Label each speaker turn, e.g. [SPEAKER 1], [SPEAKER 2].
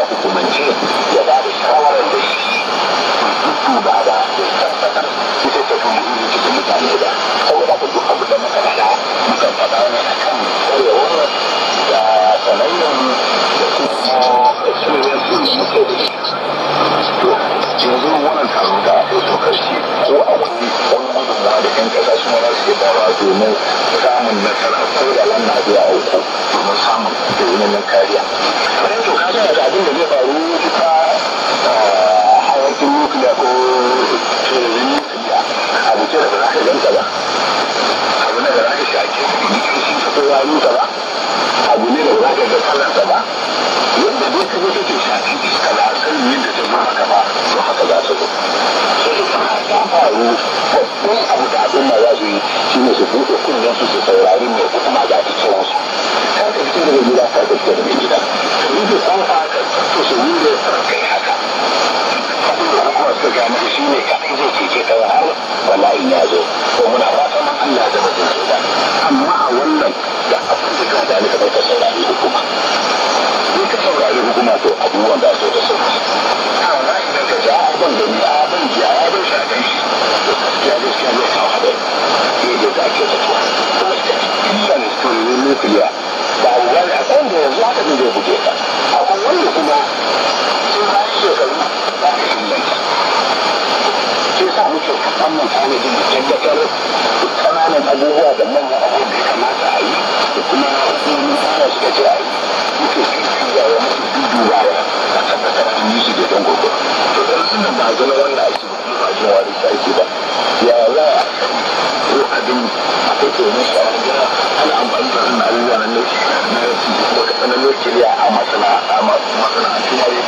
[SPEAKER 1] a hukumance ya ba da shawarar da shi dutu ba ta mutane ba da muka faɗa muka faɗa ne a kan da sanayyar da
[SPEAKER 2] kuma da ko a wani wani gudunmawa da yi domin samun nasara ko da wannan abu ya samun
[SPEAKER 3] kariya wannan to kaga abin da zai faru duka eh, hayakin nukiliya ko nukiliya abu da za ka ganta ba abu ne da za ka shaƙe
[SPEAKER 1] shi ta nuka ba abu ne da ka ga ka ta iska da ta ba to haka su
[SPEAKER 3] ta faru babban abu da al'umma za su shine su buɗe kunnen su saurari mai kuma za ta ce musu
[SPEAKER 1] mai gida ta mai gida in ji san haka to su yi da kai haka kuma su ga mai shi ne kaɗai zai kawai har bala'in ya zo ko muna fatan Allah da mutum ke da amma a wannan da abin da ka kamar ka saurari hukuma in ka saurari hukuma to abubuwan da da sauki idan ka abin da abin a abin shafin shi
[SPEAKER 4] to gaskiya gaskiya zai kawo haɗari ake zato nukiliya
[SPEAKER 2] fahimtar duk abubuwa da manyan abubuwa da ya kamata a yi da kuma wasu misala suka ce a yi
[SPEAKER 3] muke dubawa muke dubawa a tabbatar an yi shi da don gobe to dan sunan ba zama wanda ake kuma
[SPEAKER 1] ba wani shi ake ba ya za a ko abin akwai tsoron shi a wajen ana
[SPEAKER 2] amfani da wannan abubuwa na lokaci na lokaci a masana'antu